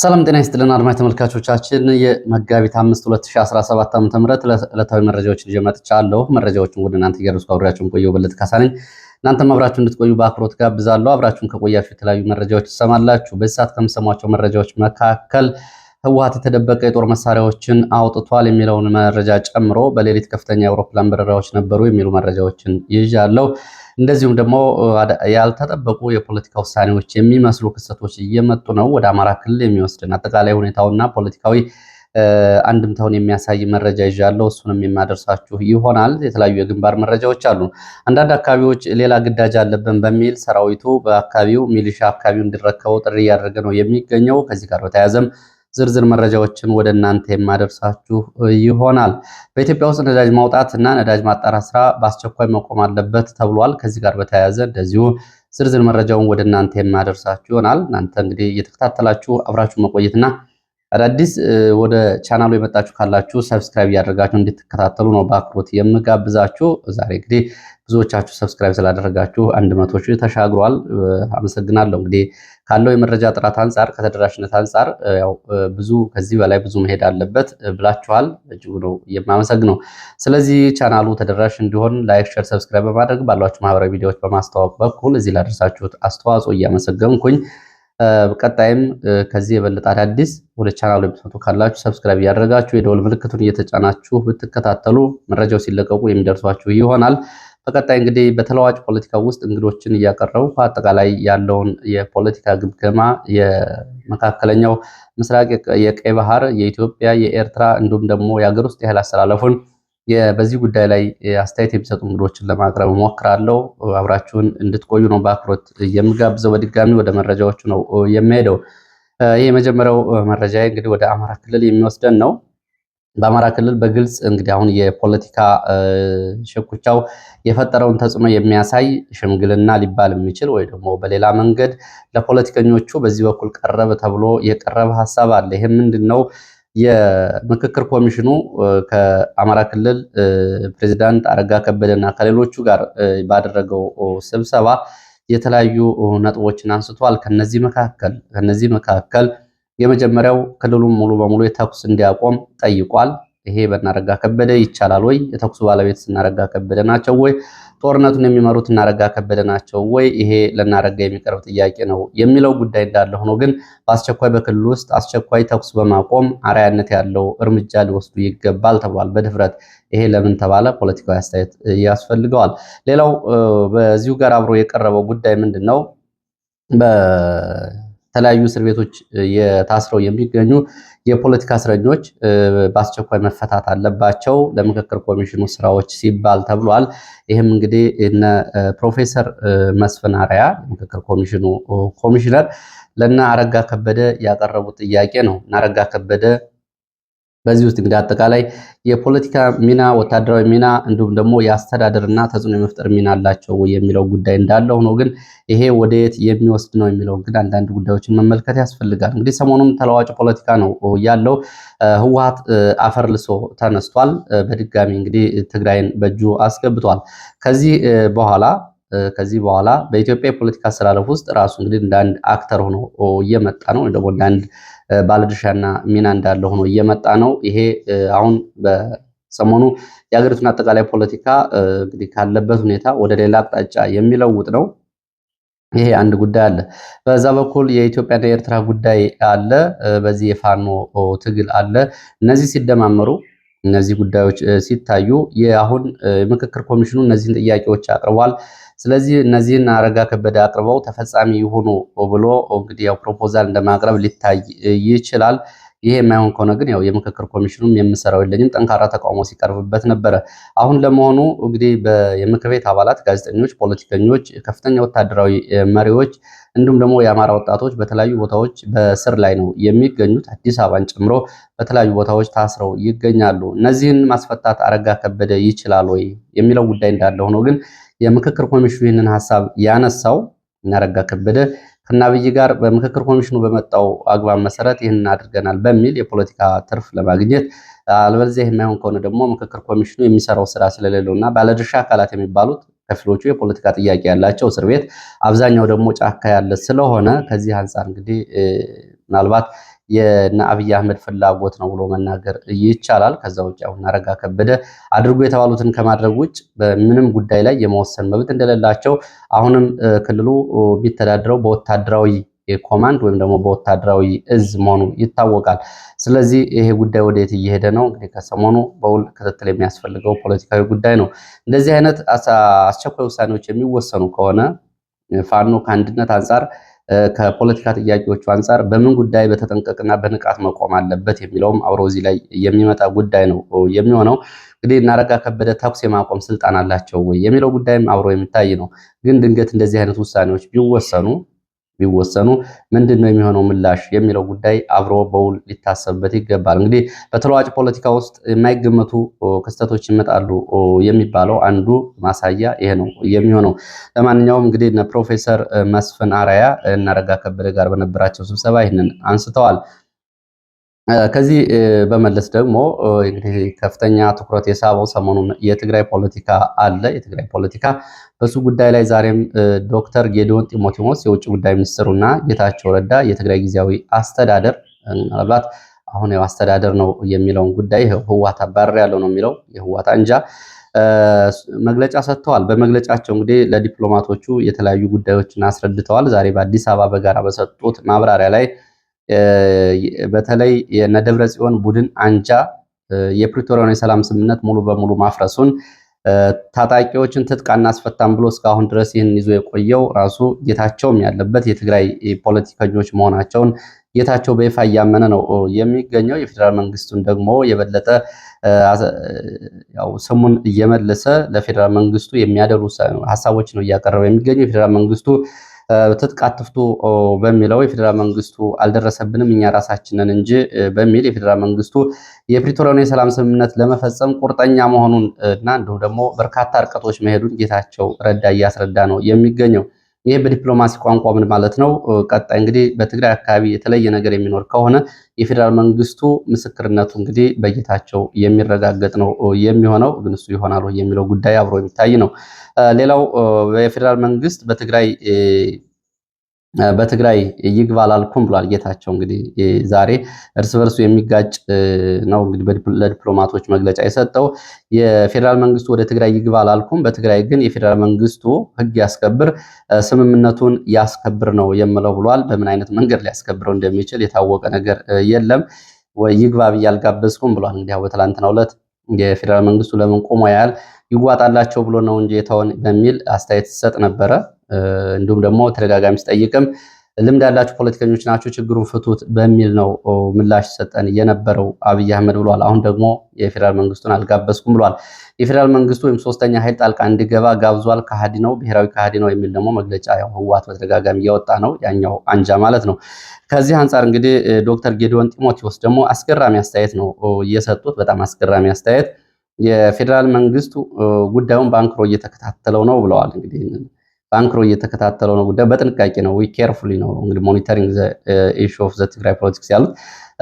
ሰላም ጤና ይስጥልን አድማጭ ተመልካቾቻችን፣ የመጋቢት 5 2017 ዓ.ም ተምረት ዕለታዊ መረጃዎችን ይዤ መጥቻለሁ። መረጃዎችን ወደ እናንተ እያደረስኩ አብሬያችሁን ቆየው በለጠ ካሳ ነኝ። እናንተም አብራችሁ እንድትቆዩ በአክብሮት ጋብዛለሁ። አብራችሁን ከቆያችሁ የተለያዩ መረጃዎች ትሰማላችሁ። በዚህ ሰዓት ከምሰሟቸው መረጃዎች መካከል ህወሓት የተደበቀ የጦር መሳሪያዎችን አውጥቷል የሚለውን መረጃ ጨምሮ በሌሊት ከፍተኛ የአውሮፕላን በረራዎች ነበሩ የሚሉ መረጃዎችን ይዣለሁ። እንደዚሁም ደግሞ ያልተጠበቁ የፖለቲካ ውሳኔዎች የሚመስሉ ክስተቶች እየመጡ ነው። ወደ አማራ ክልል የሚወስድን አጠቃላይ ሁኔታውና ፖለቲካዊ አንድምታውን የሚያሳይ መረጃ ይዣለሁ። እሱንም የማደርሳችሁ ይሆናል። የተለያዩ የግንባር መረጃዎች አሉ። አንዳንድ አካባቢዎች ሌላ ግዳጅ አለብን በሚል ሰራዊቱ በአካባቢው ሚሊሻ አካባቢው እንዲረከበው ጥሪ እያደረገ ነው የሚገኘው። ከዚህ ጋር በተያያዘም ዝርዝር መረጃዎችን ወደ እናንተ የማደርሳችሁ ይሆናል። በኢትዮጵያ ውስጥ ነዳጅ ማውጣት እና ነዳጅ ማጣራት ስራ በአስቸኳይ መቆም አለበት ተብሏል። ከዚህ ጋር በተያያዘ እንደዚሁ ዝርዝር መረጃውን ወደ እናንተ የማደርሳችሁ ይሆናል። እናንተ እንግዲህ እየተከታተላችሁ አብራችሁ መቆየትና አዳዲስ ወደ ቻናሉ የመጣችሁ ካላችሁ ሰብስክራይብ እያደረጋችሁ እንድትከታተሉ ነው በአክብሮት የምጋብዛችሁ። ዛሬ እንግዲህ ብዙዎቻችሁ ሰብስክራይብ ስላደረጋችሁ አንድ መቶ ተሻግሯል። አመሰግናለሁ እንግዲህ ካለው የመረጃ ጥራት አንጻር ከተደራሽነት አንጻር ብዙ ከዚህ በላይ ብዙ መሄድ አለበት ብላችኋል። እጅጉ ነው የማመሰግነው። ስለዚህ ቻናሉ ተደራሽ እንዲሆን ላይክ፣ ሸር፣ ሰብስክራይብ በማድረግ ባሏችሁ ማህበራዊ ሚዲያዎች በማስተዋወቅ በኩል እዚህ ላደረሳችሁት አስተዋጽኦ እያመሰገንኩኝ ቀጣይም ከዚህ የበለጠ አዳዲስ ወደ ቻናሉ የምትመጡ ካላችሁ ሰብስክራይብ እያደረጋችሁ የደወል ምልክቱን እየተጫናችሁ ብትከታተሉ መረጃው ሲለቀቁ የሚደርሷችሁ ይሆናል። በቀጣይ እንግዲህ በተለዋጭ ፖለቲካ ውስጥ እንግዶችን እያቀረቡ አጠቃላይ ያለውን የፖለቲካ ግምገማ የመካከለኛው ምስራቅ፣ የቀይ ባህር፣ የኢትዮጵያ፣ የኤርትራ እንዲሁም ደግሞ የሀገር ውስጥ ያህል አስተላለፉን በዚህ ጉዳይ ላይ አስተያየት የሚሰጡ እንግዶችን ለማቅረብ እሞክራለሁ። አብራችሁን እንድትቆዩ ነው በአክብሮት የምጋብዘው። በድጋሚ ወደ መረጃዎቹ ነው የሚሄደው። ይህ የመጀመሪያው መረጃ እንግዲህ ወደ አማራ ክልል የሚወስደን ነው። በአማራ ክልል በግልጽ እንግዲህ አሁን የፖለቲካ ሽኩቻው የፈጠረውን ተጽዕኖ የሚያሳይ ሽምግልና ሊባል የሚችል ወይ ደግሞ በሌላ መንገድ ለፖለቲከኞቹ በዚህ በኩል ቀረበ ተብሎ የቀረበ ሀሳብ አለ። ይሄ ምንድን ነው? የምክክር ኮሚሽኑ ከአማራ ክልል ፕሬዚዳንት አረጋ ከበደ እና ከሌሎቹ ጋር ባደረገው ስብሰባ የተለያዩ ነጥቦችን አንስቷል። ከነዚህ መካከል ከነዚህ መካከል የመጀመሪያው ክልሉን ሙሉ በሙሉ የተኩስ እንዲያቆም ጠይቋል። ይሄ በእናረጋ ከበደ ይቻላል ወይ? የተኩሱ ባለቤት እናረጋ ከበደ ናቸው ወይ? ጦርነቱን የሚመሩት እናረጋ ከበደ ናቸው ወይ? ይሄ ለእናረጋ የሚቀርብ ጥያቄ ነው የሚለው ጉዳይ እንዳለ ሆኖ ግን በአስቸኳይ በክልሉ ውስጥ አስቸኳይ ተኩስ በማቆም አርአያነት ያለው እርምጃ ሊወስዱ ይገባል ተብሏል በድፍረት። ይሄ ለምን ተባለ? ፖለቲካዊ አስተያየት ያስፈልገዋል። ሌላው በዚሁ ጋር አብሮ የቀረበው ጉዳይ ምንድን ነው? የተለያዩ እስር ቤቶች የታስረው የሚገኙ የፖለቲካ እስረኞች በአስቸኳይ መፈታት አለባቸው ለምክክር ኮሚሽኑ ስራዎች ሲባል ተብሏል። ይህም እንግዲህ እነ ፕሮፌሰር መስፍን አርአያ ምክክር ኮሚሽኑ ኮሚሽነር ለእነ አረጋ ከበደ ያቀረቡት ጥያቄ ነው። እነ አረጋ ከበደ በዚህ ውስጥ እንግዲህ አጠቃላይ የፖለቲካ ሚና፣ ወታደራዊ ሚና እንዲሁም ደግሞ የአስተዳደርና ተጽዕኖ የመፍጠር ሚና አላቸው የሚለው ጉዳይ እንዳለ ሆኖ ግን ይሄ ወደ የት የሚወስድ ነው የሚለው ግን አንዳንድ ጉዳዮችን መመልከት ያስፈልጋል። እንግዲህ ሰሞኑም ተለዋጭ ፖለቲካ ነው ያለው። ህወሓት አፈር ልሶ ተነስቷል። በድጋሚ እንግዲህ ትግራይን በእጁ አስገብቷል። ከዚህ በኋላ ከዚህ በኋላ በኢትዮጵያ የፖለቲካ አሰላለፍ ውስጥ ራሱ እንግዲህ እንደ አንድ አክተር ሆኖ እየመጣ ነው ወይ ደግሞ እንደ አንድ ባለድርሻና ሚና እንዳለ ሆኖ እየመጣ ነው። ይሄ አሁን በሰሞኑ የሀገሪቱን አጠቃላይ ፖለቲካ እንግዲህ ካለበት ሁኔታ ወደ ሌላ አቅጣጫ የሚለውጥ ነው። ይሄ አንድ ጉዳይ አለ። በዛ በኩል የኢትዮጵያና የኤርትራ ጉዳይ አለ። በዚህ የፋኖ ትግል አለ። እነዚህ ሲደማመሩ እነዚህ ጉዳዮች ሲታዩ የአሁን ምክክር ኮሚሽኑ እነዚህን ጥያቄዎች አቅርቧል። ስለዚህ እነዚህን አረጋ ከበደ አቅርበው ተፈጻሚ ይሁኑ ብሎ እንግዲህ ያው ፕሮፖዛል እንደማቅረብ ሊታይ ይችላል። ይሄ የማይሆን ከሆነ ግን ያው የምክክር ኮሚሽኑም የምሰራው የለኝም ጠንካራ ተቃውሞ ሲቀርብበት ነበረ። አሁን ለመሆኑ እንግዲህ የምክር ቤት አባላት፣ ጋዜጠኞች፣ ፖለቲከኞች፣ ከፍተኛ ወታደራዊ መሪዎች እንዲሁም ደግሞ የአማራ ወጣቶች በተለያዩ ቦታዎች በስር ላይ ነው የሚገኙት። አዲስ አበባን ጨምሮ በተለያዩ ቦታዎች ታስረው ይገኛሉ። እነዚህን ማስፈታት አረጋ ከበደ ይችላል ወይ የሚለው ጉዳይ እንዳለ ሆኖ ግን የምክክር ኮሚሽኑ ይህንን ሀሳብ ያነሳው እናረጋ ከበደ ከናብይ ጋር በምክክር ኮሚሽኑ በመጣው አግባብ መሰረት ይህንን አድርገናል በሚል የፖለቲካ ትርፍ ለማግኘት አልበለዚያ የማይሆን ከሆነ ደግሞ ምክክር ኮሚሽኑ የሚሰራው ስራ ስለሌለው እና ባለድርሻ አካላት የሚባሉት ከፊሎቹ የፖለቲካ ጥያቄ ያላቸው እስር ቤት፣ አብዛኛው ደግሞ ጫካ ያለ ስለሆነ ከዚህ አንጻር እንግዲህ ምናልባት የነ አብይ አህመድ ፍላጎት ነው ብሎ መናገር ይቻላል። ከዛ ውጭ አሁን አረጋ ከበደ አድርጎ የተባሉትን ከማድረግ ውጭ በምንም ጉዳይ ላይ የመወሰን መብት እንደሌላቸው አሁንም ክልሉ የሚተዳድረው በወታደራዊ ኮማንድ ወይም ደግሞ በወታደራዊ እዝ መሆኑ ይታወቃል። ስለዚህ ይሄ ጉዳይ ወዴት እየሄደ ነው? እንግዲህ ከሰሞኑ በውል ክትትል የሚያስፈልገው ፖለቲካዊ ጉዳይ ነው። እንደዚህ አይነት አስቸኳይ ውሳኔዎች የሚወሰኑ ከሆነ ፋኖ ከአንድነት አንጻር ከፖለቲካ ጥያቄዎቹ አንጻር በምን ጉዳይ በተጠንቀቅና በንቃት መቆም አለበት የሚለውም አብሮ እዚህ ላይ የሚመጣ ጉዳይ ነው የሚሆነው። እንግዲህ እናረጋ ከበደ ተኩስ የማቆም ስልጣን አላቸው ወይ የሚለው ጉዳይም አብሮ የሚታይ ነው። ግን ድንገት እንደዚህ አይነት ውሳኔዎች ቢወሰኑ ቢወሰኑ ምንድን ነው የሚሆነው ምላሽ የሚለው ጉዳይ አብሮ በውል ሊታሰብበት ይገባል። እንግዲህ በተለዋጭ ፖለቲካ ውስጥ የማይገመቱ ክስተቶች ይመጣሉ የሚባለው አንዱ ማሳያ ይሄ ነው የሚሆነው። ለማንኛውም እንግዲህ እነ ፕሮፌሰር መስፍን አራያ እና ረጋ ከበደ ጋር በነበራቸው ስብሰባ ይህንን አንስተዋል። ከዚህ በመለስ ደግሞ እንግዲህ ከፍተኛ ትኩረት የሳበው ሰሞኑን የትግራይ ፖለቲካ አለ። የትግራይ ፖለቲካ በሱ ጉዳይ ላይ ዛሬም ዶክተር ጌዲዮን ጢሞቴዎስ የውጭ ጉዳይ ሚኒስትሩና ጌታቸው ረዳ የትግራይ ጊዜያዊ አስተዳደር ምናልባት አሁን ያው አስተዳደር ነው የሚለውን ጉዳይ ህዋት አባረር ያለው ነው የሚለው የህዋት አንጃ መግለጫ ሰጥተዋል። በመግለጫቸው እንግዲህ ለዲፕሎማቶቹ የተለያዩ ጉዳዮችን አስረድተዋል። ዛሬ በአዲስ አበባ በጋራ በሰጡት ማብራሪያ ላይ በተለይ የነደብረ ጽዮን ቡድን አንጃ የፕሪቶሪያን የሰላም ስምምነት ሙሉ በሙሉ ማፍረሱን ታጣቂዎችን ትጥቅ አናስፈታም ብሎ እስካሁን ድረስ ይህን ይዞ የቆየው ራሱ ጌታቸውም ያለበት የትግራይ ፖለቲከኞች መሆናቸውን ጌታቸው በይፋ እያመነ ነው የሚገኘው። የፌዴራል መንግስቱን ደግሞ የበለጠ ስሙን እየመለሰ ለፌዴራል መንግስቱ የሚያደሉ ሀሳቦች ነው እያቀረበ የሚገኘው የፌዴራል መንግስቱ ትጥቅ አትፍቱ በሚለው የፌዴራል መንግስቱ አልደረሰብንም እኛ ራሳችንን እንጂ በሚል የፌዴራል መንግስቱ የፕሪቶሪያውን የሰላም ስምምነት ለመፈጸም ቁርጠኛ መሆኑን እና እንዲሁም ደግሞ በርካታ ርቀቶች መሄዱን ጌታቸው ረዳ እያስረዳ ነው የሚገኘው። ይሄ በዲፕሎማሲ ቋንቋ ምን ማለት ነው? ቀጣይ እንግዲህ በትግራይ አካባቢ የተለየ ነገር የሚኖር ከሆነ የፌዴራል መንግስቱ ምስክርነቱ እንግዲህ በጌታቸው የሚረጋገጥ ነው የሚሆነው። ግን እሱ ይሆናል የሚለው ጉዳይ አብሮ የሚታይ ነው። ሌላው የፌዴራል መንግስት በትግራይ በትግራይ ይግባ አላልኩም ብሏል ጌታቸው። እንግዲህ ዛሬ እርስ በርሱ የሚጋጭ ነው እንግዲህ ለዲፕሎማቶች መግለጫ የሰጠው የፌዴራል መንግስቱ ወደ ትግራይ ይግባ አላልኩም፣ በትግራይ ግን የፌዴራል መንግስቱ ህግ ያስከብር፣ ስምምነቱን ያስከብር ነው የምለው ብሏል። በምን አይነት መንገድ ሊያስከብረው እንደሚችል የታወቀ ነገር የለም። ይግባ ብዬ አልጋበዝኩም ብሏል። እንግዲህ በትላንትናው ዕለት የፌዴራል መንግስቱ ለምን ቆሞ ያህል ይዋጣላቸው ብሎ ነው እንጂ የተውን በሚል አስተያየት ሲሰጥ ነበረ። እንዲሁም ደግሞ ተደጋጋሚ ሲጠይቅም ልምድ ያላቸው ፖለቲከኞች ናቸው ችግሩን ፍቱት በሚል ነው ምላሽ ሰጠን የነበረው አብይ አህመድ ብሏል። አሁን ደግሞ የፌዴራል መንግስቱን አልጋበዝኩም ብሏል። የፌዴራል መንግስቱ ወይም ሶስተኛ ኃይል ጣልቃ እንዲገባ ጋብዟል። ከሃዲ ነው፣ ብሔራዊ ከሃዲ ነው የሚል ደግሞ መግለጫ ያው ህወሓት በተደጋጋሚ እያወጣ ነው፣ ያኛው አንጃ ማለት ነው። ከዚህ አንጻር እንግዲህ ዶክተር ጌዲዮን ጢሞቴዎስ ደግሞ አስገራሚ አስተያየት ነው እየሰጡት፣ በጣም አስገራሚ አስተያየት የፌዴራል መንግስቱ ጉዳዩን በአንክሮ እየተከታተለው ነው ብለዋል። እንግዲህ በአንክሮ እየተከታተለው ነው ጉዳዩ በጥንቃቄ ነው ኬርፉሊ ነው እንግዲህ ሞኒተሪንግ ኢሹ ኦፍ ዘ ትግራይ ፖለቲክስ ያሉት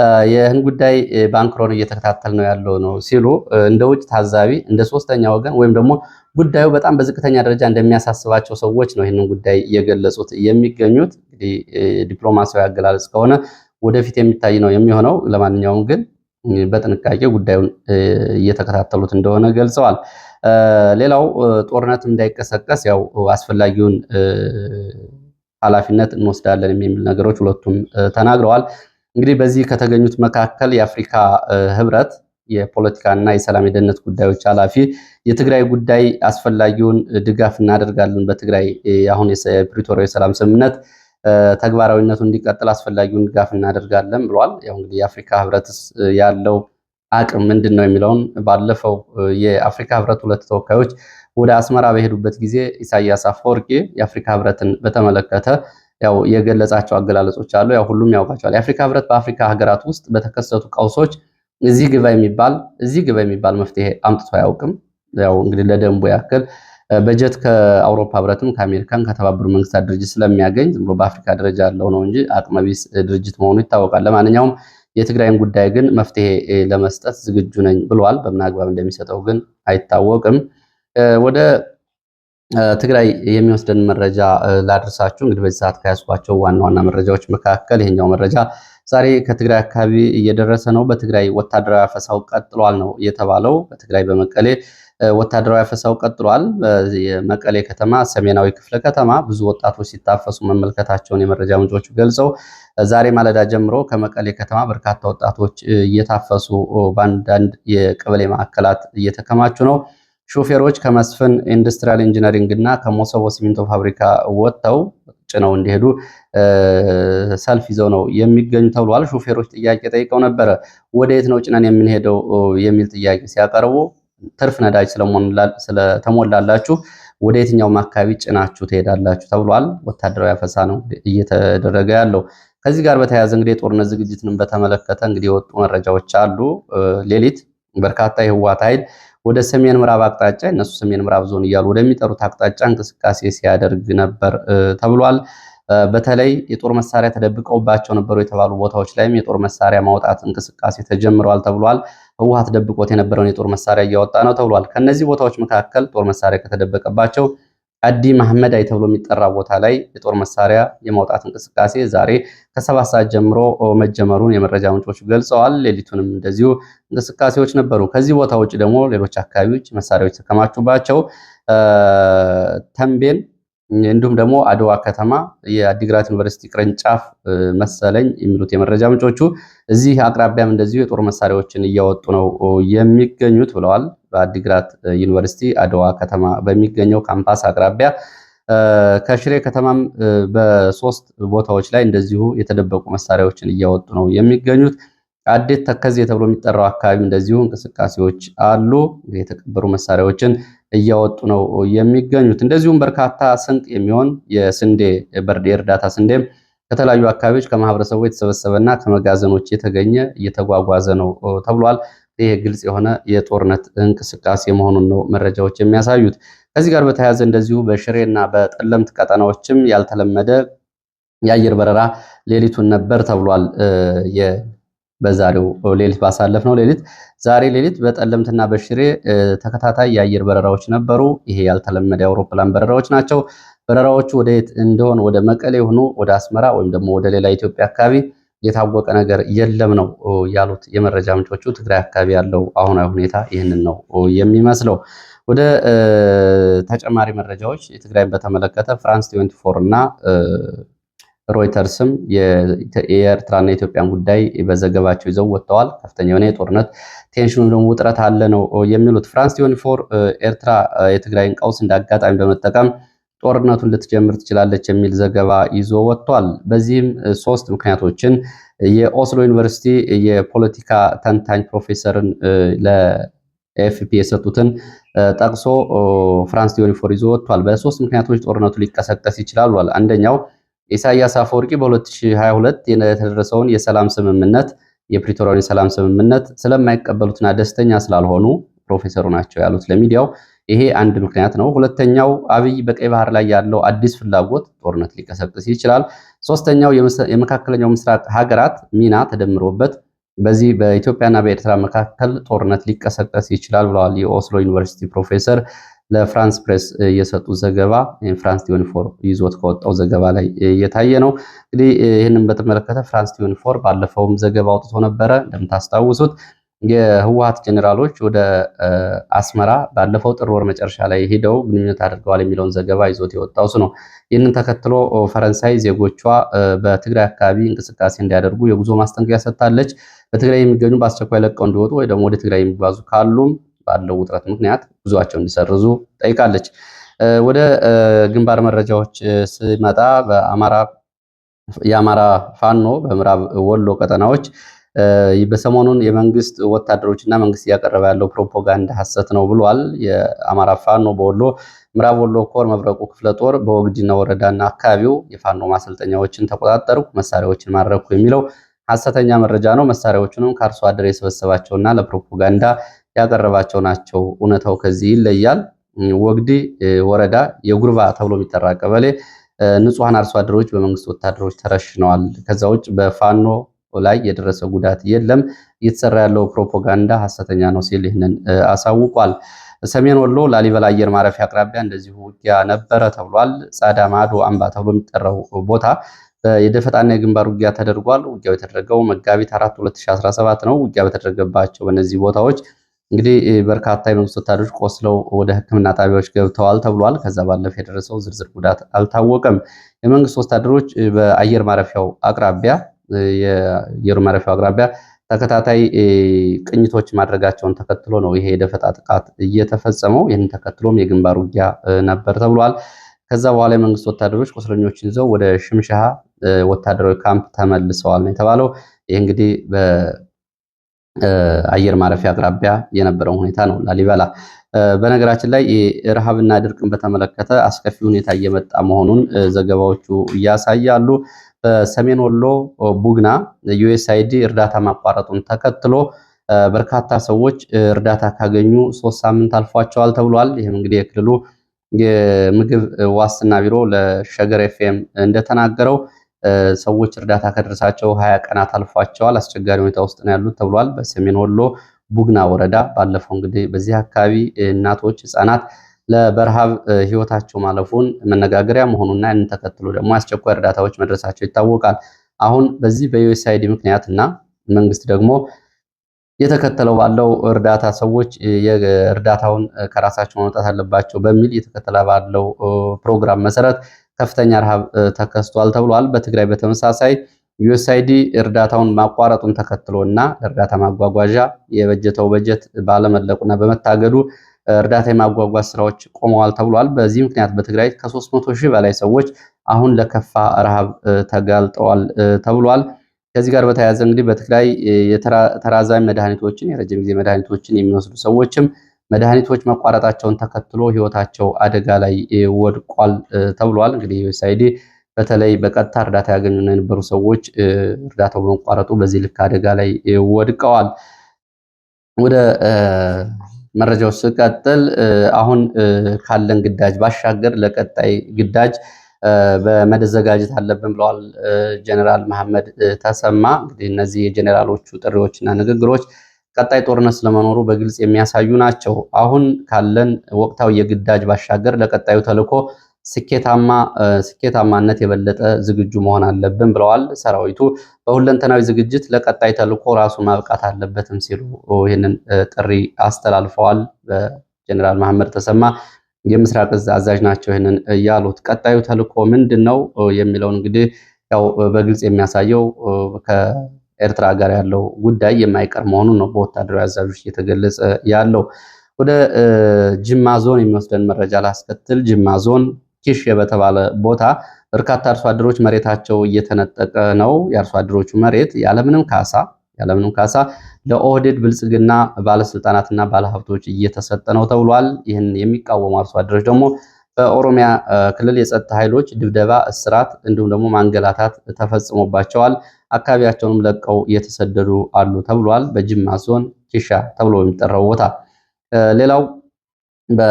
uh, ይህን ጉዳይ uh, በአንክሮን እየተከታተል ነው ያለው ነው ሲሉ uh, እንደ ውጭ ታዛቢ እንደ ሶስተኛ ወገን ወይም ደግሞ ጉዳዩ በጣም በዝቅተኛ ደረጃ እንደሚያሳስባቸው ሰዎች ነው ይህንን ጉዳይ እየገለጹት የሚገኙት። እንግዲህ ዲፕሎማሲያዊ አገላለጽ ከሆነ ወደፊት የሚታይ ነው የሚሆነው። ለማንኛውም ግን በጥንቃቄ ጉዳዩን እየተከታተሉት እንደሆነ ገልጸዋል። ሌላው ጦርነት እንዳይቀሰቀስ ያው አስፈላጊውን ኃላፊነት እንወስዳለን የሚል ነገሮች ሁለቱም ተናግረዋል። እንግዲህ በዚህ ከተገኙት መካከል የአፍሪካ ህብረት የፖለቲካና የሰላም የደህንነት ጉዳዮች ኃላፊ የትግራይ ጉዳይ አስፈላጊውን ድጋፍ እናደርጋለን፣ በትግራይ አሁን የፕሪቶሪያ የሰላም ስምምነት ተግባራዊነቱ እንዲቀጥል አስፈላጊውን ድጋፍ እናደርጋለን ብሏል። ያው እንግዲህ የአፍሪካ ህብረትስ ያለው አቅም ምንድን ነው የሚለውን ባለፈው የአፍሪካ ህብረት ሁለት ተወካዮች ወደ አስመራ በሄዱበት ጊዜ ኢሳያስ አፈወርቂ የአፍሪካ ህብረትን በተመለከተ ያው የገለጻቸው አገላለጾች አሉ። ያው ሁሉም ያውቃቸዋል። የአፍሪካ ህብረት በአፍሪካ ሀገራት ውስጥ በተከሰቱ ቀውሶች እዚህ ግባ የሚባል እዚህ ግባ የሚባል መፍትሄ አምጥቶ አያውቅም። ያው እንግዲህ ለደንቡ ያክል በጀት ከአውሮፓ ህብረትም ከአሜሪካን ከተባበሩ መንግስታት ድርጅት ስለሚያገኝ ዝም ብሎ በአፍሪካ ደረጃ ያለው ነው እንጂ አቅመቢስ ድርጅት መሆኑ ይታወቃል። ለማንኛውም የትግራይን ጉዳይ ግን መፍትሄ ለመስጠት ዝግጁ ነኝ ብሏል። በምን አግባብ እንደሚሰጠው ግን አይታወቅም። ወደ ትግራይ የሚወስደን መረጃ ላድርሳችሁ። እንግዲህ በዚህ ሰዓት ከያዝኳቸው ዋና ዋና መረጃዎች መካከል ይሄኛው መረጃ ዛሬ ከትግራይ አካባቢ እየደረሰ ነው። በትግራይ ወታደራዊ አፈሳው ቀጥሏል ነው የተባለው። በትግራይ በመቀሌ ወታደራዊ አፈሳው ቀጥሏል። የመቀሌ ከተማ ሰሜናዊ ክፍለ ከተማ ብዙ ወጣቶች ሲታፈሱ መመልከታቸውን የመረጃ ምንጮቹ ገልጸው ዛሬ ማለዳ ጀምሮ ከመቀሌ ከተማ በርካታ ወጣቶች እየታፈሱ በአንዳንድ የቀበሌ ማዕከላት እየተከማቹ ነው። ሾፌሮች ከመስፍን ኢንዱስትሪያል ኢንጂነሪንግ እና ከሞሰቦ ሲሚንቶ ፋብሪካ ወጥተው ጭነው እንዲሄዱ ሰልፍ ይዘው ነው የሚገኙ ተብሏል። ሾፌሮች ጥያቄ ጠይቀው ነበረ። ወደ የት ነው ጭነን የምንሄደው የሚል ጥያቄ ሲያቀርቡ ትርፍ ነዳጅ ስለተሞላላችሁ ወደ የትኛውም አካባቢ ጭናችሁ ትሄዳላችሁ ተብሏል። ወታደራዊ አፈሳ ነው እየተደረገ ያለው። ከዚህ ጋር በተያያዘ እንግዲህ የጦርነት ዝግጅትን በተመለከተ እንግዲህ የወጡ መረጃዎች አሉ። ሌሊት በርካታ የህወሓት ኃይል ወደ ሰሜን ምዕራብ አቅጣጫ እነሱ ሰሜን ምዕራብ ዞን እያሉ ወደሚጠሩት አቅጣጫ እንቅስቃሴ ሲያደርግ ነበር ተብሏል። በተለይ የጦር መሳሪያ ተደብቀውባቸው ነበሩ የተባሉ ቦታዎች ላይም የጦር መሳሪያ ማውጣት እንቅስቃሴ ተጀምረዋል ተብሏል። ህወሓት ደብቆት የነበረውን የጦር መሳሪያ እያወጣ ነው ተብሏል። ከነዚህ ቦታዎች መካከል ጦር መሳሪያ ከተደበቀባቸው አዲ ማህመዳይ ተብሎ የሚጠራ ቦታ ላይ የጦር መሳሪያ የማውጣት እንቅስቃሴ ዛሬ ከሰባት ሰዓት ጀምሮ መጀመሩን የመረጃ ምንጮች ገልጸዋል። ሌሊቱንም እንደዚሁ እንቅስቃሴዎች ነበሩ። ከዚህ ቦታ ውጭ ደግሞ ሌሎች አካባቢዎች መሳሪያዎች ተከማቹባቸው ተንቤን እንዲሁም ደግሞ አድዋ ከተማ የአዲግራት ዩኒቨርሲቲ ቅርንጫፍ መሰለኝ የሚሉት የመረጃ ምንጮቹ እዚህ አቅራቢያም እንደዚሁ የጦር መሳሪያዎችን እያወጡ ነው የሚገኙት ብለዋል። በአዲግራት ዩኒቨርሲቲ አድዋ ከተማ በሚገኘው ካምፓስ አቅራቢያ ከሽሬ ከተማም በሶስት ቦታዎች ላይ እንደዚሁ የተደበቁ መሳሪያዎችን እያወጡ ነው የሚገኙት። አዴት ተከዜ ተብሎ የሚጠራው አካባቢ እንደዚሁ እንቅስቃሴዎች አሉ የተቀበሩ መሳሪያዎችን እያወጡ ነው የሚገኙት። እንደዚሁም በርካታ ስንቅ የሚሆን የስንዴ በርድ የእርዳታ ስንዴም ከተለያዩ አካባቢዎች ከማህበረሰቡ የተሰበሰበና ከመጋዘኖች የተገኘ እየተጓጓዘ ነው ተብሏል። ይህ ግልጽ የሆነ የጦርነት እንቅስቃሴ መሆኑን ነው መረጃዎች የሚያሳዩት። ከዚህ ጋር በተያያዘ እንደዚሁ በሽሬና በጠለምት ቀጠናዎችም ያልተለመደ የአየር በረራ ሌሊቱን ነበር ተብሏል። በዛሬው ሌሊት ነው ሌሊት ዛሬ ሌሊት በጠለምትና በሽሬ ተከታታይ የአየር በረራዎች ነበሩ። ይሄ ያልተለመደ የአውሮፕላን በረራዎች ናቸው። በረራዎቹ ወደ የት እንደሆን ወደ መቀሌ የሆኑ ወደ አስመራ ወይም ደግሞ ወደ ሌላ ኢትዮጵያ አካባቢ የታወቀ ነገር የለም ነው ያሉት የመረጃ ምንጮቹ። ትግራይ አካባቢ ያለው አሁናዊ ሁኔታ ይህንን ነው የሚመስለው። ወደ ተጨማሪ መረጃዎች የትግራይን በተመለከተ ፍራንስ 24 እና ሮይተርስም የኤርትራና የኢትዮጵያን ጉዳይ በዘገባቸው ይዘው ወጥተዋል። ከፍተኛ የሆነ የጦርነት ቴንሽኑ ደግሞ ውጥረት አለ ነው የሚሉት። ፍራንስ ቲዌንቲፎር ኤርትራ የትግራይን ቀውስ እንደ አጋጣሚ በመጠቀም ጦርነቱን ልትጀምር ትችላለች የሚል ዘገባ ይዞ ወጥቷል። በዚህም ሶስት ምክንያቶችን የኦስሎ ዩኒቨርሲቲ የፖለቲካ ተንታኝ ፕሮፌሰርን ለኤፍፒ የሰጡትን ጠቅሶ ፍራንስ ቲዌንቲፎር ይዞ ወጥቷል። በሶስት ምክንያቶች ጦርነቱ ሊቀሰቀስ ይችላል። አንደኛው ኢሳያስ አፈወርቂ በ2022 የተደረሰውን የሰላም ስምምነት የፕሪቶሪያን የሰላም ስምምነት ስለማይቀበሉትና ደስተኛ ስላልሆኑ ፕሮፌሰሩ ናቸው ያሉት ለሚዲያው። ይሄ አንድ ምክንያት ነው። ሁለተኛው አብይ በቀይ ባህር ላይ ያለው አዲስ ፍላጎት ጦርነት ሊቀሰቅስ ይችላል። ሶስተኛው የመካከለኛው ምስራቅ ሀገራት ሚና ተደምሮበት በዚህ በኢትዮጵያና በኤርትራ መካከል ጦርነት ሊቀሰቀስ ይችላል ብለዋል የኦስሎ ዩኒቨርሲቲ ፕሮፌሰር ለፍራንስ ፕሬስ የሰጡት ዘገባ ፍራንስ ቲዮኒፎር ይዞት ከወጣው ዘገባ ላይ እየታየ ነው። እንግዲህ ይህንን በተመለከተ ፍራንስ ቲዮኒፎር ባለፈውም ዘገባ አውጥቶ ነበረ። እንደምታስታውሱት የህወሀት ጀኔራሎች ወደ አስመራ ባለፈው ጥር ወር መጨረሻ ላይ ሄደው ግንኙነት አድርገዋል የሚለውን ዘገባ ይዞት የወጣው እሱ ነው። ይህንን ተከትሎ ፈረንሳይ ዜጎቿ በትግራይ አካባቢ እንቅስቃሴ እንዲያደርጉ የጉዞ ማስጠንቀቂያ ሰጥታለች። በትግራይ የሚገኙ በአስቸኳይ ለቀው እንዲወጡ ወይ ደግሞ ወደ ትግራይ የሚጓዙ ካሉም ባለው ውጥረት ምክንያት ጉዟቸውን እንዲሰርዙ ጠይቃለች። ወደ ግንባር መረጃዎች ስመጣ የአማራ ፋኖ በምዕራብ ወሎ ቀጠናዎች በሰሞኑን የመንግስት ወታደሮች እና መንግስት እያቀረበ ያለው ፕሮፓጋንዳ ሀሰት ነው ብሏል። የአማራ ፋኖ በወሎ ምዕራብ ወሎ ኮር መብረቁ ክፍለ ጦር በወግጂና ወረዳና አካባቢው የፋኖ ማሰልጠኛዎችን ተቆጣጠርኩ፣ መሳሪያዎችን ማድረግኩ የሚለው ሀሰተኛ መረጃ ነው። መሳሪያዎቹንም ከአርሶ አደር የሰበሰባቸውና ለፕሮፓጋንዳ ያቀረባቸው ናቸው። እውነታው ከዚህ ይለያል። ወግዲ ወረዳ የጉርባ ተብሎ የሚጠራ ቀበሌ ንጹሐን አርሶ አደሮች በመንግስት ወታደሮች ተረሽነዋል። ከዛ ውጭ በፋኖ ላይ የደረሰ ጉዳት የለም። እየተሰራ ያለው ፕሮፓጋንዳ ሀሰተኛ ነው ሲል ይህንን አሳውቋል። ሰሜን ወሎ ላሊበላ አየር ማረፊያ አቅራቢያ እንደዚሁ ውጊያ ነበረ ተብሏል። ጻዳ ማዶ አምባ ተብሎ የሚጠራው ቦታ የደፈጣና የግንባር ውጊያ ተደርጓል። ውጊያው የተደረገው መጋቢት አራት 2017 ነው። ውጊያ በተደረገባቸው በእነዚህ ቦታዎች እንግዲህ በርካታ የመንግስት ወታደሮች ቆስለው ወደ ሕክምና ጣቢያዎች ገብተዋል ተብሏል። ከዛ ባለፈ የደረሰው ዝርዝር ጉዳት አልታወቀም። የመንግስት ወታደሮች በአየር ማረፊያው አቅራቢያ የአየር ማረፊያው አቅራቢያ ተከታታይ ቅኝቶች ማድረጋቸውን ተከትሎ ነው ይሄ የደፈጣ ጥቃት እየተፈጸመው። ይህን ተከትሎም የግንባር ውጊያ ነበር ተብሏል። ከዛ በኋላ የመንግስት ወታደሮች ቁስለኞችን ይዘው ወደ ሽምሻሃ ወታደራዊ ካምፕ ተመልሰዋል ነው የተባለው። ይህ እንግዲህ አየር ማረፊያ አቅራቢያ የነበረው ሁኔታ ነው ላሊበላ። በነገራችን ላይ ረሃብና ድርቅን በተመለከተ አስከፊ ሁኔታ እየመጣ መሆኑን ዘገባዎቹ እያሳያሉ። በሰሜን ወሎ ቡግና ዩኤስአይዲ እርዳታ ማቋረጡን ተከትሎ በርካታ ሰዎች እርዳታ ካገኙ ሶስት ሳምንት አልፏቸዋል ተብሏል። ይህም እንግዲህ የክልሉ የምግብ ዋስትና ቢሮ ለሸገር ኤፍኤም እንደተናገረው ሰዎች እርዳታ ከደረሳቸው ሀያ ቀናት አልፏቸዋል። አስቸጋሪ ሁኔታ ውስጥ ነው ያሉት ተብሏል። በሰሜን ወሎ ቡግና ወረዳ ባለፈው እንግዲህ በዚህ አካባቢ እናቶች፣ ህጻናት ለበረሃብ ህይወታቸው ማለፉን መነጋገሪያ መሆኑና ያንን ተከትሎ ደግሞ አስቸኳይ እርዳታዎች መድረሳቸው ይታወቃል። አሁን በዚህ በዩኤስአይዲ ምክንያት እና መንግስት ደግሞ የተከተለው ባለው እርዳታ ሰዎች የእርዳታውን ከራሳቸው መውጣት አለባቸው በሚል የተከተለ ባለው ፕሮግራም መሰረት ከፍተኛ ረሃብ ተከስቷል ተብሏል። በትግራይ በተመሳሳይ ዩኤስአይዲ እርዳታውን ማቋረጡን ተከትሎ እና ለእርዳታ ማጓጓዣ የበጀተው በጀት ባለመለቁና በመታገዱ እርዳታ የማጓጓዝ ስራዎች ቆመዋል ተብሏል። በዚህ ምክንያት በትግራይ ከ300 ሺህ በላይ ሰዎች አሁን ለከፋ ረሃብ ተጋልጠዋል ተብሏል። ከዚህ ጋር በተያያዘ እንግዲህ በትግራይ የተራዛሚ መድኃኒቶችን የረጅም ጊዜ መድኃኒቶችን የሚወስዱ ሰዎችም መድኃኒቶች መቋረጣቸውን ተከትሎ ህይወታቸው አደጋ ላይ ወድቋል ተብሏል። እንግዲህ ዩኤስአይዲ በተለይ በቀጥታ እርዳታ ያገኙ የነበሩ ሰዎች እርዳታው በመቋረጡ በዚህ ልክ አደጋ ላይ ወድቀዋል። ወደ መረጃው ስቀጥል አሁን ካለን ግዳጅ ባሻገር ለቀጣይ ግዳጅ በመዘጋጀት አለብን ብለዋል ጀኔራል መሐመድ ተሰማ። እንግዲህ እነዚህ የጀኔራሎቹ ጥሪዎችና ንግግሮች ቀጣይ ጦርነት ስለመኖሩ በግልጽ የሚያሳዩ ናቸው። አሁን ካለን ወቅታዊ የግዳጅ ባሻገር ለቀጣዩ ተልዕኮ ስኬታማነት የበለጠ ዝግጁ መሆን አለብን ብለዋል። ሰራዊቱ በሁለንተናዊ ዝግጅት ለቀጣይ ተልዕኮ ራሱን ማብቃት አለበትም ሲሉ ይህንን ጥሪ አስተላልፈዋል። በጀኔራል መሐመድ ተሰማ የምስራቅ እዝ አዛዥ ናቸው ይህንን ያሉት። ቀጣዩ ተልዕኮ ምንድን ነው የሚለውን እንግዲህ ያው በግልጽ የሚያሳየው ኤርትራ ጋር ያለው ጉዳይ የማይቀር መሆኑን ነው በወታደራዊ አዛዦች እየተገለጸ ያለው። ወደ ጅማ ዞን የሚወስደን መረጃ ላስከትል። ጅማ ዞን ኪሽ በተባለ ቦታ በርካታ አርሶ አደሮች መሬታቸው እየተነጠቀ ነው። የአርሶ አደሮቹ መሬት ያለምንም ካሳ ያለምንም ካሳ ለኦህዴድ ብልጽግና ባለስልጣናትና ባለሀብቶች እየተሰጠ ነው ተብሏል። ይህን የሚቃወሙ አርሶ አደሮች ደግሞ በኦሮሚያ ክልል የጸጥታ ኃይሎች ድብደባ፣ እስራት እንዲሁም ደግሞ ማንገላታት ተፈጽሞባቸዋል። አካባቢያቸውንም ለቀው እየተሰደዱ አሉ ተብሏል። በጅማ ዞን ኪሻ ተብሎ የሚጠራው ቦታ ሌላው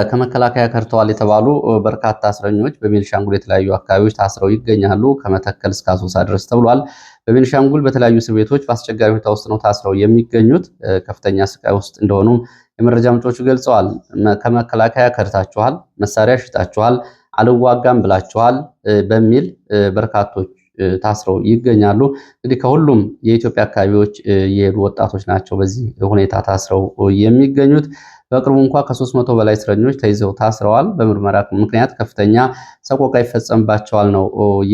ከመከላከያ ከርተዋል የተባሉ በርካታ እስረኞች በቤኒሻንጉል የተለያዩ አካባቢዎች ታስረው ይገኛሉ። ከመተከል እስከ አሶሳ ድረስ ተብሏል። በቤኒሻንጉል በተለያዩ እስር ቤቶች በአስቸጋሪ ሁኔታ ውስጥ ነው ታስረው የሚገኙት። ከፍተኛ ስቃይ ውስጥ እንደሆኑም የመረጃ ምንጮቹ ገልጸዋል። ከመከላከያ ከርታችኋል፣ መሳሪያ ሽጣችኋል፣ አልዋጋም ብላችኋል በሚል በርካቶች ታስረው ይገኛሉ። እንግዲህ ከሁሉም የኢትዮጵያ አካባቢዎች የሄዱ ወጣቶች ናቸው በዚህ ሁኔታ ታስረው የሚገኙት። በቅርቡ እንኳ ከሶስት መቶ በላይ እስረኞች ተይዘው ታስረዋል። በምርመራ ምክንያት ከፍተኛ ሰቆቃ ይፈጸምባቸዋል ነው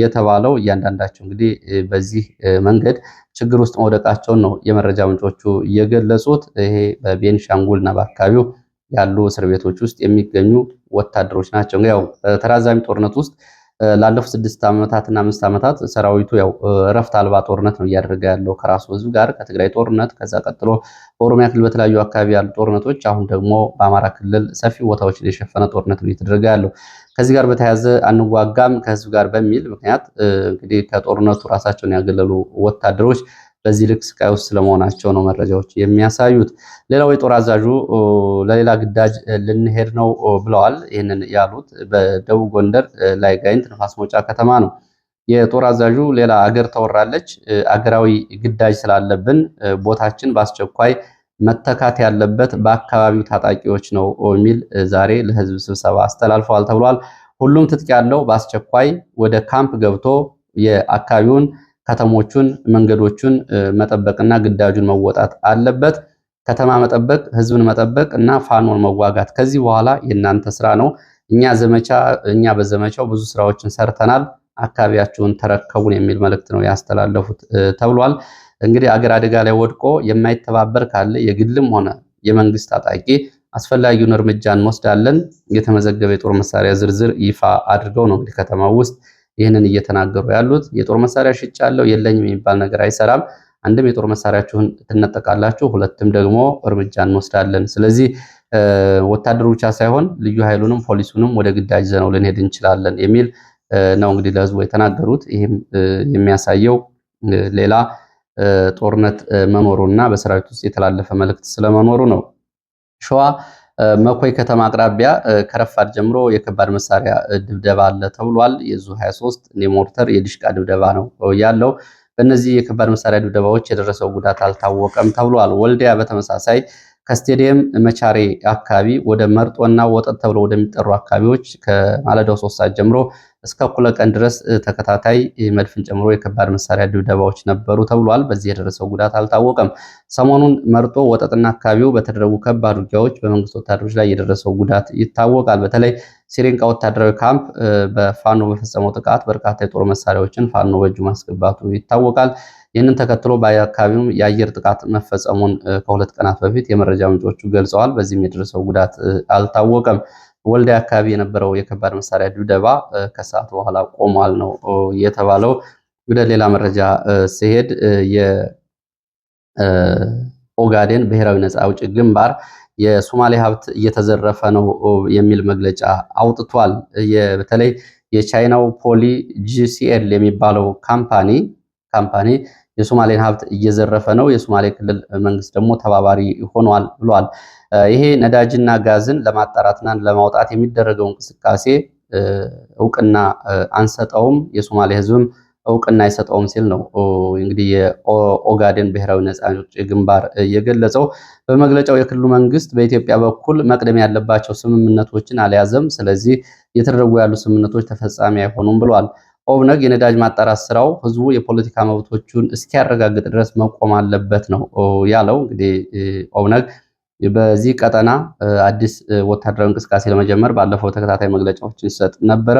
የተባለው። እያንዳንዳቸው እንግዲህ በዚህ መንገድ ችግር ውስጥ መውደቃቸውን ነው የመረጃ ምንጮቹ የገለጹት። ይሄ በቤንሻንጉል እና በአካባቢው ያሉ እስር ቤቶች ውስጥ የሚገኙ ወታደሮች ናቸው። ያው ተራዛሚ ጦርነት ውስጥ ላለፉት ስድስት ዓመታትና አምስት ዓመታት ሰራዊቱ ያው እረፍት አልባ ጦርነት ነው እያደረገ ያለው ከራሱ ህዝብ ጋር ከትግራይ ጦርነት ከዛ ቀጥሎ በኦሮሚያ ክልል በተለያዩ አካባቢ ያሉ ጦርነቶች፣ አሁን ደግሞ በአማራ ክልል ሰፊ ቦታዎችን የሸፈነ ጦርነት ነው እየተደረገ ያለው። ከዚህ ጋር በተያያዘ አንዋጋም ከህዝብ ጋር በሚል ምክንያት እንግዲህ ከጦርነቱ ራሳቸውን ያገለሉ ወታደሮች በዚህ ልክ ስቃይ ውስጥ ለመሆናቸው ነው መረጃዎች የሚያሳዩት። ሌላው የጦር አዛዡ ለሌላ ግዳጅ ልንሄድ ነው ብለዋል። ይህንን ያሉት በደቡብ ጎንደር ላይ ጋይንት ንፋስ መውጫ ከተማ ነው። የጦር አዛዡ ሌላ አገር ተወራለች፣ አገራዊ ግዳጅ ስላለብን ቦታችን በአስቸኳይ መተካት ያለበት በአካባቢው ታጣቂዎች ነው የሚል ዛሬ ለህዝብ ስብሰባ አስተላልፈዋል ተብሏል። ሁሉም ትጥቅ ያለው በአስቸኳይ ወደ ካምፕ ገብቶ የአካባቢውን ከተሞቹን፣ መንገዶቹን መጠበቅና ግዳጁን መወጣት አለበት። ከተማ መጠበቅ፣ ህዝብን መጠበቅ እና ፋኖን መዋጋት ከዚህ በኋላ የእናንተ ስራ ነው። እኛ ዘመቻ እኛ በዘመቻው ብዙ ስራዎችን ሰርተናል፣ አካባቢያችሁን ተረከቡን የሚል መልእክት ነው ያስተላለፉት ተብሏል። እንግዲህ አገር አደጋ ላይ ወድቆ የማይተባበር ካለ የግልም ሆነ የመንግስት ታጣቂ አስፈላጊውን እርምጃ እንወስዳለን። የተመዘገበ የጦር መሳሪያ ዝርዝር ይፋ አድርገው ነው እንግዲህ ከተማው ውስጥ ይህንን እየተናገሩ ያሉት የጦር መሳሪያ ሽጫለሁ የለኝም የሚባል ነገር አይሰራም። አንድም የጦር መሳሪያችሁን ትነጠቃላችሁ፣ ሁለትም ደግሞ እርምጃ እንወስዳለን። ስለዚህ ወታደሩ ብቻ ሳይሆን ልዩ ኃይሉንም ፖሊሱንም ወደ ግዳጅ ዘነው ልንሄድ እንችላለን የሚል ነው እንግዲህ ለህዝቡ የተናገሩት። ይህም የሚያሳየው ሌላ ጦርነት እና በሰራዊት ውስጥ የተላለፈ መልእክት ስለመኖሩ ነው። ሸዋ መኮይ ከተማ አቅራቢያ ከረፋድ ጀምሮ የከባድ መሳሪያ ድብደባ አለ ተብሏል። የዙ 23 የሞርተር የድሽቃ ድብደባ ነው ያለው። በእነዚህ የከባድ መሳሪያ ድብደባዎች የደረሰው ጉዳት አልታወቀም ተብሏል። ወልዲያ በተመሳሳይ ከስቴዲየም መቻሬ አካባቢ ወደ መርጦና ወጠጥ ተብሎ ወደሚጠሩ አካባቢዎች ከማለዳው ሶስት ሰዓት ጀምሮ እስከ እኩለ ቀን ድረስ ተከታታይ መድፍን ጨምሮ የከባድ መሳሪያ ድብደባዎች ነበሩ ተብሏል። በዚህ የደረሰው ጉዳት አልታወቀም። ሰሞኑን መርጦ ወጠጥና አካባቢው በተደረጉ ከባድ ውጊያዎች በመንግስት ወታደሮች ላይ የደረሰው ጉዳት ይታወቃል። በተለይ ሲሪንቃ ወታደራዊ ካምፕ በፋኖ በፈጸመው ጥቃት በርካታ የጦር መሳሪያዎችን ፋኖ በእጁ ማስገባቱ ይታወቃል። ይህንን ተከትሎ በአካባቢውም የአየር ጥቃት መፈጸሙን ከሁለት ቀናት በፊት የመረጃ ምንጮቹ ገልጸዋል። በዚህም የደረሰው ጉዳት አልታወቀም። ወልዲያ አካባቢ የነበረው የከባድ መሳሪያ ድብደባ ከሰዓት በኋላ ቆሟል ነው የተባለው። ወደ ሌላ መረጃ ሲሄድ የኦጋዴን ብሔራዊ ነፃ አውጪ ግንባር የሶማሌ ሀብት እየተዘረፈ ነው የሚል መግለጫ አውጥቷል። በተለይ የቻይናው ፖሊ ጂሲኤል የሚባለው ካምፓኒ ካምፓኒ የሶማሌን ሀብት እየዘረፈ ነው፣ የሶማሌ ክልል መንግስት ደግሞ ተባባሪ ሆኗል ብሏል። ይሄ ነዳጅና ጋዝን ለማጣራትና ለማውጣት የሚደረገው እንቅስቃሴ እውቅና አንሰጠውም፣ የሶማሌ ህዝብም እውቅና አይሰጠውም ሲል ነው እንግዲህ የኦጋዴን ብሔራዊ ነፃ አውጪ ግንባር የገለጸው። በመግለጫው የክልሉ መንግስት በኢትዮጵያ በኩል መቅደም ያለባቸው ስምምነቶችን አልያዘም፣ ስለዚህ እየተደረጉ ያሉ ስምምነቶች ተፈጻሚ አይሆኑም ብሏል። ኦብነግ የነዳጅ ማጣራት ስራው ህዝቡ የፖለቲካ መብቶቹን እስኪያረጋግጥ ድረስ መቆም አለበት ነው ያለው። እንግዲህ ኦብነግ በዚህ ቀጠና አዲስ ወታደራዊ እንቅስቃሴ ለመጀመር ባለፈው ተከታታይ መግለጫዎችን ሲሰጥ ነበረ።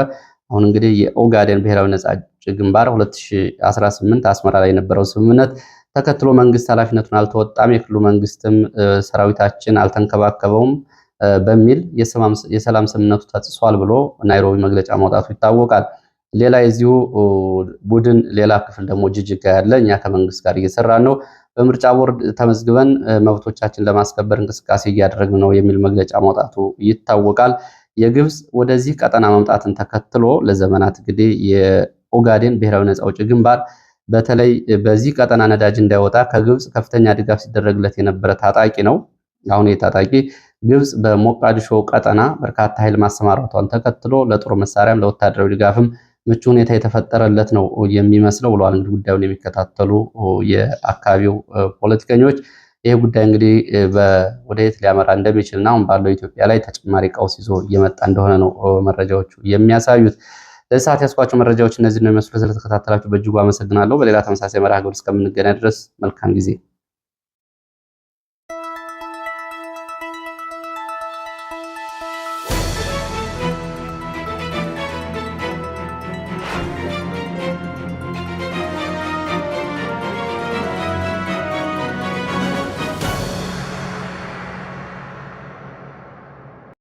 አሁን እንግዲህ የኦጋዴን ብሔራዊ ነጻ አውጪ ግንባር 2018 አስመራ ላይ የነበረው ስምምነት ተከትሎ መንግስት ኃላፊነቱን አልተወጣም፣ የክልሉ መንግስትም ሰራዊታችን አልተንከባከበውም በሚል የሰላም ስምምነቱ ተጥሷል ብሎ ናይሮቢ መግለጫ ማውጣቱ ይታወቃል። ሌላ የዚሁ ቡድን ሌላ ክፍል ደግሞ ጅጅጋ ያለ እኛ ከመንግስት ጋር እየሰራን ነው፣ በምርጫ ቦርድ ተመዝግበን መብቶቻችን ለማስከበር እንቅስቃሴ እያደረግን ነው የሚል መግለጫ ማውጣቱ ይታወቃል። የግብፅ ወደዚህ ቀጠና መምጣትን ተከትሎ ለዘመናት እንግዲህ የኦጋዴን ብሔራዊ ነፃ አውጪ ግንባር በተለይ በዚህ ቀጠና ነዳጅ እንዳይወጣ ከግብፅ ከፍተኛ ድጋፍ ሲደረግለት የነበረ ታጣቂ ነው። አሁን የታጣቂ ግብፅ በሞቃዲሾ ቀጠና በርካታ ኃይል ማሰማራቷን ተከትሎ ለጦር መሳሪያም ለወታደራዊ ድጋፍም ምቹ ሁኔታ የተፈጠረለት ነው የሚመስለው ብለዋል። እንግዲህ ጉዳዩን የሚከታተሉ የአካባቢው ፖለቲከኞች ይህ ጉዳይ እንግዲህ ወደት ሊያመራ እንደሚችል እና አሁን ባለው ኢትዮጵያ ላይ ተጨማሪ ቀውስ ይዞ እየመጣ እንደሆነ ነው መረጃዎቹ የሚያሳዩት። ለዚህ ሰዓት ያስኳቸው መረጃዎች እነዚህ ነው የሚመስሉ። ስለተከታተላችሁ በእጅጉ አመሰግናለሁ። በሌላ ተመሳሳይ መርሃ ግብር እስከምንገናኝ ድረስ መልካም ጊዜ